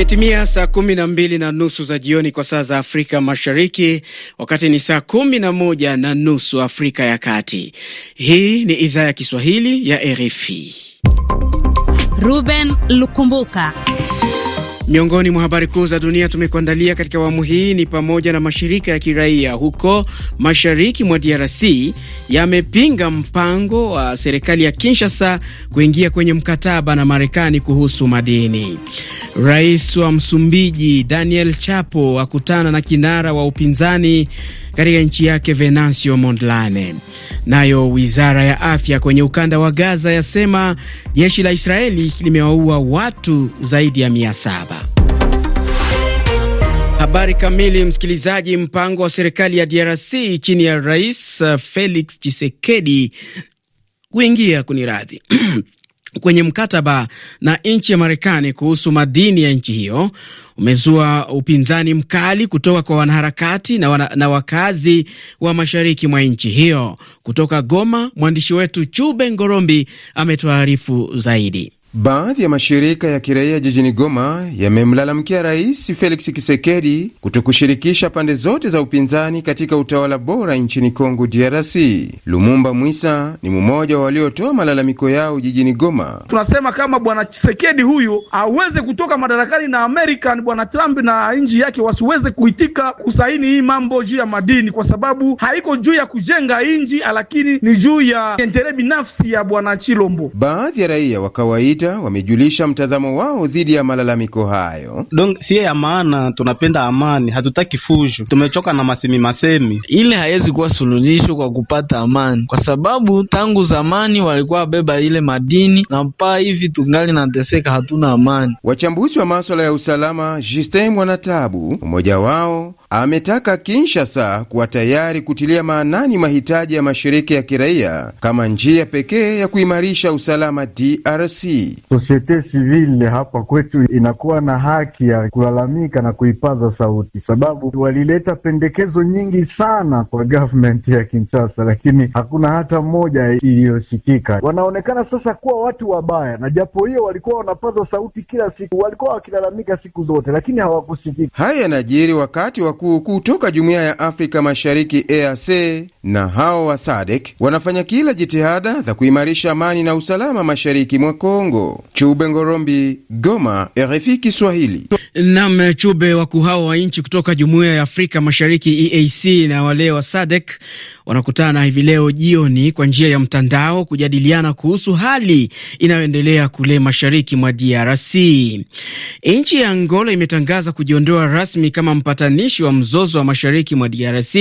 Imetimia saa kumi na mbili na nusu za jioni kwa saa za Afrika Mashariki, wakati ni saa kumi na moja na nusu Afrika ya Kati. Hii ni idhaa ya Kiswahili ya RFI. Ruben Lukumbuka Miongoni mwa habari kuu za dunia tumekuandalia katika awamu hii ni pamoja na mashirika ya kiraia huko mashariki mwa DRC yamepinga mpango wa serikali ya Kinshasa kuingia kwenye mkataba na Marekani kuhusu madini. Rais wa Msumbiji Daniel Chapo akutana na kinara wa upinzani katika nchi yake Venancio Mondlane. Nayo wizara ya afya kwenye ukanda wa Gaza yasema jeshi la Israeli limewaua watu zaidi ya mia saba. Habari kamili, msikilizaji. Mpango wa serikali ya DRC chini ya Rais Felix Tshisekedi kuingia kuniradhi kwenye mkataba na nchi ya Marekani kuhusu madini ya nchi hiyo umezua upinzani mkali kutoka kwa wanaharakati na, wana, na wakazi wa mashariki mwa nchi hiyo. Kutoka Goma, mwandishi wetu Chube Ngorombi ametuarifu zaidi. Baadhi ya mashirika ya kiraia jijini Goma yamemlalamikia Rais Felix Tshisekedi kutokushirikisha pande zote za upinzani katika utawala bora nchini congo DRC. Lumumba Mwisa ni mmoja wa waliotoa malalamiko yao jijini Goma. Tunasema kama bwana Tshisekedi huyu aweze kutoka madarakani na ni bwana Trump na nchi yake wasiweze kuitika kusaini hii mambo juu ya madini, kwa sababu haiko juu ya kujenga nchi, lakini ni juu ya entere binafsi ya bwana Chilombo. Baadhi ya raia wa kawaida Geita wamejulisha mtazamo wao dhidi ya malalamiko hayo. Don siye ya maana, tunapenda amani, hatutaki fujo, tumechoka na masemi masemi. Ile haiwezi kuwa suluhisho kwa kupata amani, kwa sababu tangu zamani walikuwa wabeba ile madini na mpaa hivi tungali nateseka, hatuna amani. Wachambuzi wa maswala ya usalama Justin Mwanatabu mmoja wao ametaka Kinshasa kuwa tayari kutilia maanani mahitaji ya mashirika ya kiraia kama njia pekee ya kuimarisha usalama DRC. Sosiete sivile hapa kwetu inakuwa na haki ya kulalamika na kuipaza sauti, sababu walileta pendekezo nyingi sana kwa government ya Kinshasa, lakini hakuna hata moja iliyosikika. Wanaonekana sasa kuwa watu wabaya, na japo hiyo walikuwa wanapaza sauti kila siku, walikuwa wakilalamika siku zote, lakini hawakusikika. Haya yanajiri wakati wa wakuu kutoka Jumuiya ya Afrika Mashariki EAC na hao wa SADC wanafanya kila jitihada za kuimarisha amani na usalama mashariki mwa Kongo. Chube Ngorombi, Goma, RFI Kiswahili. Nam Chube, wakuu hao wa nchi kutoka Jumuiya ya Afrika Mashariki EAC na wale wa SADC wanakutana hivi leo jioni kwa njia ya mtandao kujadiliana kuhusu hali inayoendelea kule mashariki mwa DRC. Nchi ya Angola imetangaza kujiondoa rasmi kama mpatanishi wa mzozo wa mashariki mwa DRC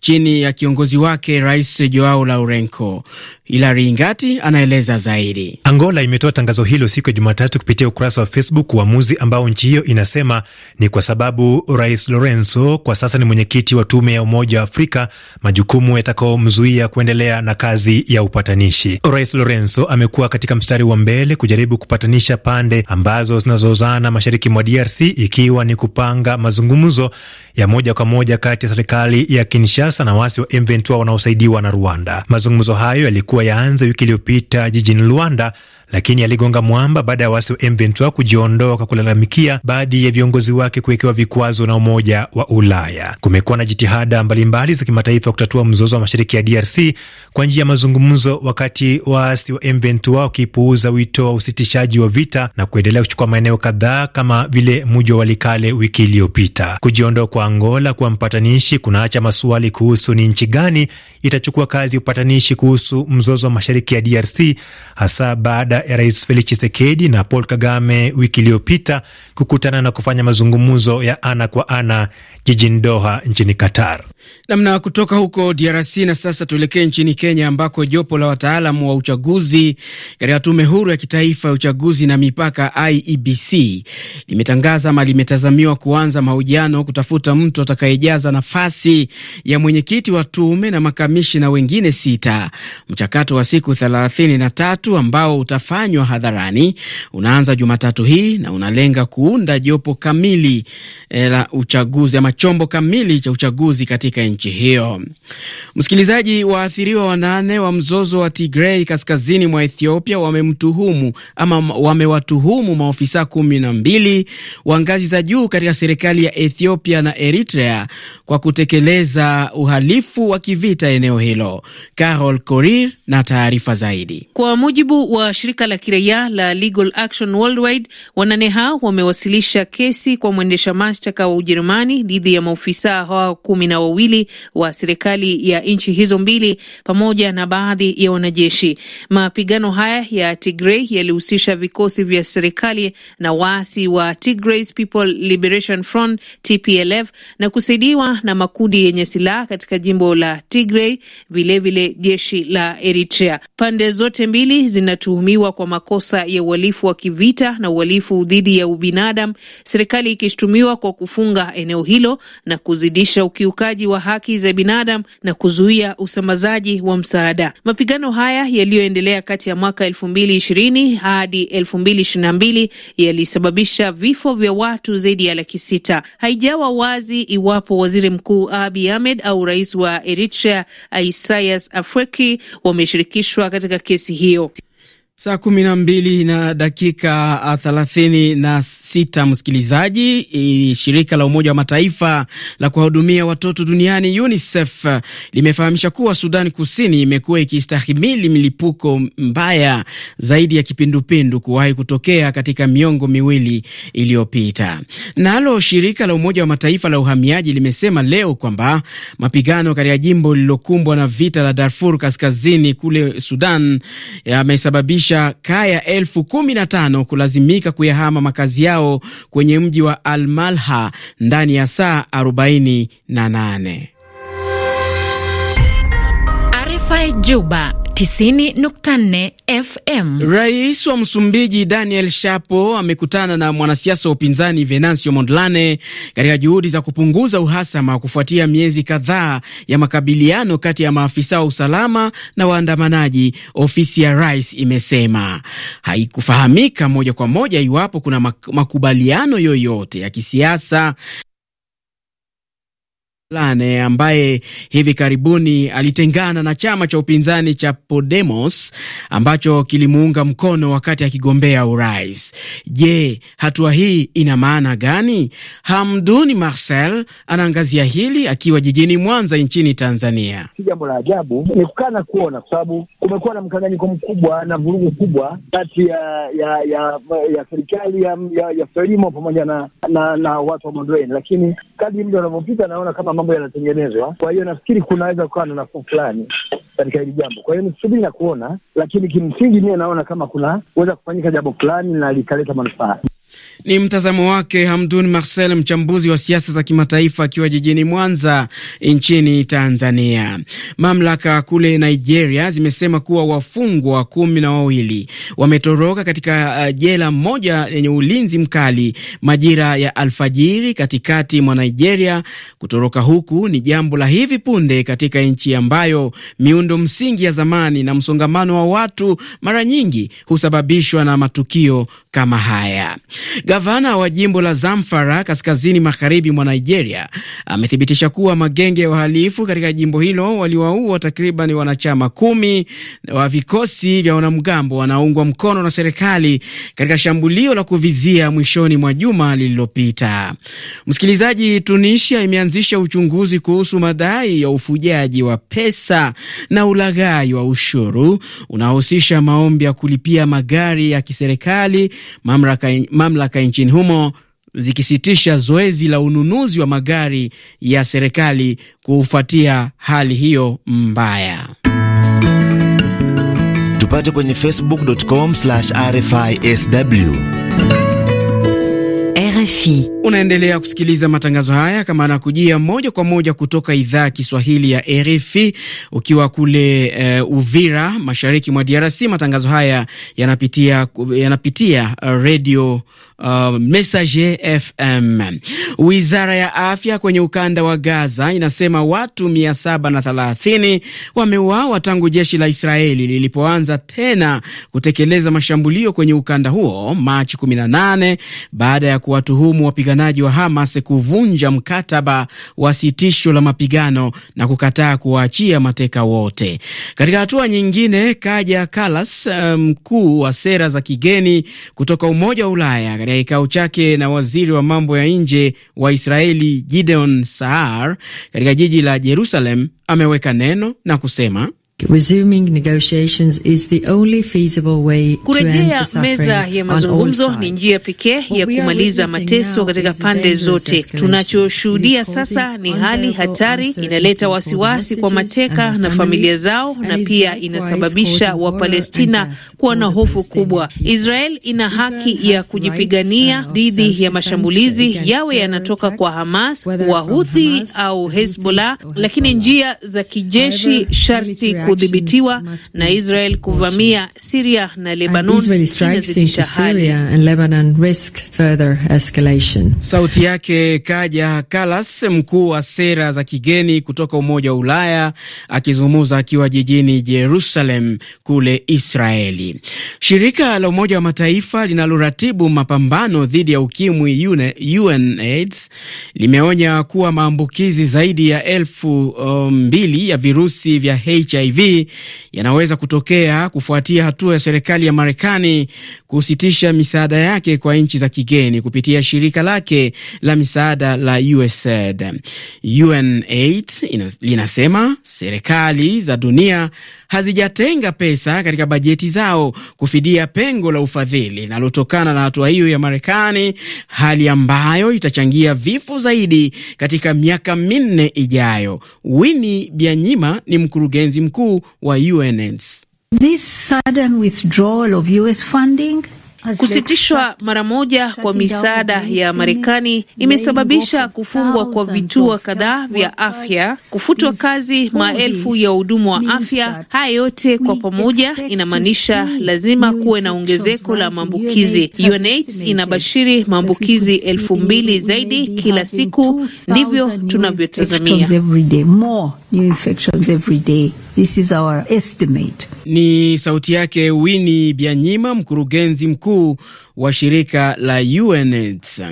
chini ya kiongozi wake Rais Joao Lourenco. Hilari Ngati anaeleza zaidi. Angola imetoa tangazo hilo siku ya Jumatatu kupitia ukurasa wa Facebook, uamuzi ambao nchi hiyo inasema ni kwa sababu Rais Lorenzo kwa sasa ni mwenyekiti wa tume ya Umoja wa Afrika, majukumu ya yatakaomzuia kuendelea na kazi ya upatanishi. Rais Lorenzo amekuwa katika mstari wa mbele kujaribu kupatanisha pande ambazo zinazozana mashariki mwa DRC, ikiwa ni kupanga mazungumzo ya moja kwa moja kati ya serikali ya Kinshasa na wasi wa M23 wanaosaidiwa na Rwanda. Mazungumzo hayo yalikuwa yaanze wiki iliyopita jijini Luanda lakini aligonga mwamba baada ya waasi wa M23 kujiondoa kwa kulalamikia baadhi ya viongozi wake kuwekewa vikwazo na Umoja wa Ulaya. Kumekuwa na jitihada mbalimbali za kimataifa kutatua mzozo wa mashariki ya DRC kwa njia ya mazungumzo, wakati waasi wa M23 wakipuuza wito wa usitishaji wa vita na kuendelea kuchukua maeneo kadhaa kama vile mji wa Walikale wiki iliyopita. Kujiondoa kwa Angola kuwa mpatanishi kunaacha maswali kuhusu ni nchi gani itachukua kazi ya upatanishi kuhusu mzozo wa mashariki ya DRC hasa baada ya Rais Felix Chisekedi na Paul Kagame wiki iliyopita kukutana na kufanya mazungumzo ya ana kwa ana jijini Doha nchini Qatar. Namna kutoka huko DRC na sasa tuelekee nchini Kenya ambako jopo la wataalam wa uchaguzi katika tume huru ya kitaifa ya uchaguzi na mipaka IEBC limetangaza ama limetazamiwa kuanza mahojiano kutafuta mtu atakayejaza nafasi ya mwenyekiti wa tume na makamishina wengine sita. Mchakato wa siku thelathini na tatu ambao uta utafanywa hadharani unaanza Jumatatu hii na unalenga kuunda jopo kamili eh, la uchaguzi ama chombo kamili cha uchaguzi katika nchi hiyo. Msikilizaji, waathiriwa wanane wa mzozo wa Tigray kaskazini mwa Ethiopia wamemtuhumu ama wamewatuhumu maofisa kumi na mbili wa ngazi za juu katika serikali ya Ethiopia na Eritrea kwa kutekeleza uhalifu wa kivita eneo hilo. Carol Korir na taarifa zaidi. Kwa mujibu wa shirika shirika la kiraia la Legal Action Worldwide, wanane hao wamewasilisha kesi kwa mwendesha mashtaka wa Ujerumani dhidi ya maofisa hao kumi na wawili wa serikali ya nchi hizo mbili pamoja na baadhi ya wanajeshi. Mapigano haya ya Tigray yalihusisha vikosi vya serikali na waasi wa Tigray People Liberation Front TPLF na kusaidiwa na makundi yenye silaha katika jimbo la Tigray, vilevile jeshi la Eritrea. Pande zote mbili zinatuhumiwa kushtakiwa kwa makosa ya uhalifu wa kivita na uhalifu dhidi ya ubinadamu, serikali ikishutumiwa kwa kufunga eneo hilo na kuzidisha ukiukaji wa haki za binadamu na kuzuia usambazaji wa msaada. Mapigano haya yaliyoendelea kati ya mwaka elfu mbili ishirini hadi elfu mbili ishirini na mbili yalisababisha vifo vya watu zaidi ya laki sita. Haijawa wazi iwapo waziri mkuu Abiy Ahmed au rais wa Eritrea Isaias Afwerki wameshirikishwa katika kesi hiyo. Saa kumi na mbili na dakika ah, thelathini na sita msikilizaji. Shirika la Umoja wa Mataifa la kuwahudumia watoto duniani UNICEF limefahamisha kuwa Sudani Kusini imekuwa ikistahimili milipuko mbaya zaidi ya kipindupindu kuwahi kutokea katika miongo miwili iliyopita. Nalo shirika la Umoja wa Mataifa la uhamiaji limesema leo kwamba mapigano katika jimbo lililokumbwa na vita la Darfur Kaskazini kule Sudan yamesababisha kusababisha kaya elfu kumi na tano kulazimika kuyahama makazi yao kwenye mji wa Almalha ndani ya saa 48. Juba 90.4 FM. Rais wa Msumbiji Daniel Chapo amekutana na mwanasiasa wa upinzani Venancio Mondlane katika juhudi za kupunguza uhasama kufuatia miezi kadhaa ya makabiliano kati ya maafisa wa usalama na waandamanaji, ofisi ya rais imesema. Haikufahamika moja kwa moja iwapo kuna makubaliano yoyote ya kisiasa Lane ambaye hivi karibuni alitengana na chama cha upinzani cha Podemos ambacho kilimuunga mkono wakati akigombea urais. Je, hatua hii ina maana gani? Hamduni Marcel anaangazia hili akiwa jijini Mwanza nchini Tanzania. Si jambo la ajabu, ni kukaa na kuona, kwa sababu kumekuwa na mkanganyiko mkubwa na vurugu kubwa kati ya ya ya, ya serikali ya, ya, ya Frelimo pamoja na, na, na watu wa Mondweni, lakini kadri mda wanavyopita naona kama mambo yanatengenezwa. Kwa hiyo nafikiri kunaweza kukawa na nafuu fulani katika hili jambo. Kwa hiyo nisubiri na kuona, lakini kimsingi mie naona kama kunaweza kufanyika jambo fulani na likaleta manufaa. Ni mtazamo wake Hamdun Marcel, mchambuzi wa siasa za kimataifa akiwa jijini Mwanza nchini Tanzania. Mamlaka kule Nigeria zimesema kuwa wafungwa kumi na wawili wametoroka katika uh, jela moja yenye ulinzi mkali majira ya alfajiri katikati mwa Nigeria. Kutoroka huku ni jambo la hivi punde katika nchi ambayo miundo msingi ya zamani na msongamano wa watu mara nyingi husababishwa na matukio kama haya. Gavana wa jimbo la Zamfara kaskazini magharibi mwa Nigeria amethibitisha kuwa magenge ya uhalifu katika jimbo hilo waliwaua takriban wanachama kumi wa vikosi vya wanamgambo wanaoungwa mkono na serikali katika shambulio la kuvizia mwishoni mwa juma lililopita. Msikilizaji, Tunisia imeanzisha uchunguzi kuhusu madai ya ufujaji wa pesa na ulaghai wa ushuru unaohusisha maombi ya kulipia magari ya kiserikali mamlaka, mamlaka mamlaka nchini humo zikisitisha zoezi la ununuzi wa magari ya serikali kufuatia hali hiyo mbaya. Tupate kwenye facebook.com rfisw. RFI unaendelea kusikiliza matangazo haya kama anakujia moja kwa moja kutoka idhaa Kiswahili ya RFI ukiwa kule uh, Uvira mashariki mwa DRC. Matangazo haya yanapitia, yanapitia uh, eh, redio uh, Messager FM. Wizara ya afya kwenye ukanda wa Gaza inasema watu 730 wameuawa tangu jeshi la Israeli lilipoanza tena kutekeleza mashambulio kwenye ukanda huo Machi 18 baada ya kuwatuhumu wapiganaji wa Hamas kuvunja mkataba wa sitisho la mapigano na kukataa kuwaachia mateka wote. Katika hatua nyingine, Kaja Kalas uh, mkuu um, wa sera za kigeni kutoka Umoja wa Ulaya katika kikao chake na waziri wa mambo ya nje wa Israeli Gideon Saar katika jiji la Jerusalem ameweka neno na kusema Resuming negotiations is the only feasible way to Kurejea meza ya mazungumzo ni njia pekee ya kumaliza mateso katika pande zote. Tunachoshuhudia sasa ni hali hatari, inaleta wasiwasi kwa mateka na familia zao, na pia inasababisha Wapalestina kuwa na hofu kubwa. Israel ina haki ya kujipigania dhidi ya mashambulizi, yawe yanatoka kwa Hamas, Wahuthi au Hezbollah, lakini njia za kijeshi sharti kudhibitiwa na Israel kuvamia Siria na Lebanon. Sauti yake Kaja Kalas, mkuu wa sera za kigeni kutoka Umoja wa Ulaya, akizungumza akiwa jijini Jerusalem kule Israeli. Shirika la Umoja wa Mataifa linaloratibu mapambano dhidi ya ukimwi UNAIDS limeonya kuwa maambukizi zaidi ya elfu um, mbili ya virusi vya HIV HIV yanaweza kutokea kufuatia hatua ya serikali ya Marekani kusitisha misaada yake kwa nchi za kigeni kupitia shirika lake la misaada la USAID. UNAID linasema serikali za dunia hazijatenga pesa katika bajeti zao kufidia pengo la ufadhili linalotokana na hatua hiyo ya Marekani, hali ambayo itachangia vifo zaidi katika miaka minne ijayo. Winnie Byanyima ni mkurugenzi mkuu mkuu wa UNAIDS. This sudden withdrawal of US funding Kusitishwa mara moja kwa misaada ya Marekani imesababisha kufungwa kwa vituo kadhaa vya afya, kufutwa kazi maelfu ya wahudumu wa afya. Haya yote kwa pamoja inamaanisha lazima kuwe na ongezeko la maambukizi. UNAIDS inabashiri maambukizi elfu mbili zaidi kila siku, ndivyo tunavyotazamia new infections every day. This is our estimate. Ni sauti yake Winnie Byanyima, mkurugenzi mkuu wa shirika la UNAIDS.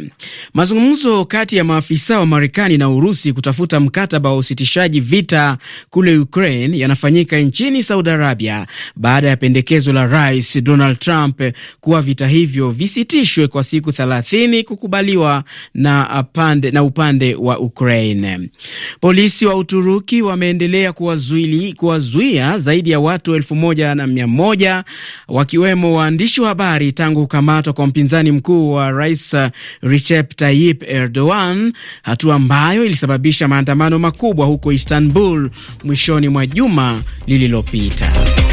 Mazungumzo kati ya maafisa wa Marekani na Urusi kutafuta mkataba wa usitishaji vita kule Ukraine yanafanyika nchini Saudi Arabia baada ya pendekezo la Rais Donald Trump kuwa vita hivyo visitishwe kwa siku 30 kukubaliwa na, apande, na upande wa Ukraine. Polisi wa Uturuki wameendelea kuwazuia zaidi ya watu elfu moja na mia moja wakiwemo waandishi wa habari tangu kukamatwa kukamatwa kwa mpinzani mkuu wa rais uh, Recep Tayyip Erdogan, hatua ambayo ilisababisha maandamano makubwa huko Istanbul mwishoni mwa juma lililopita.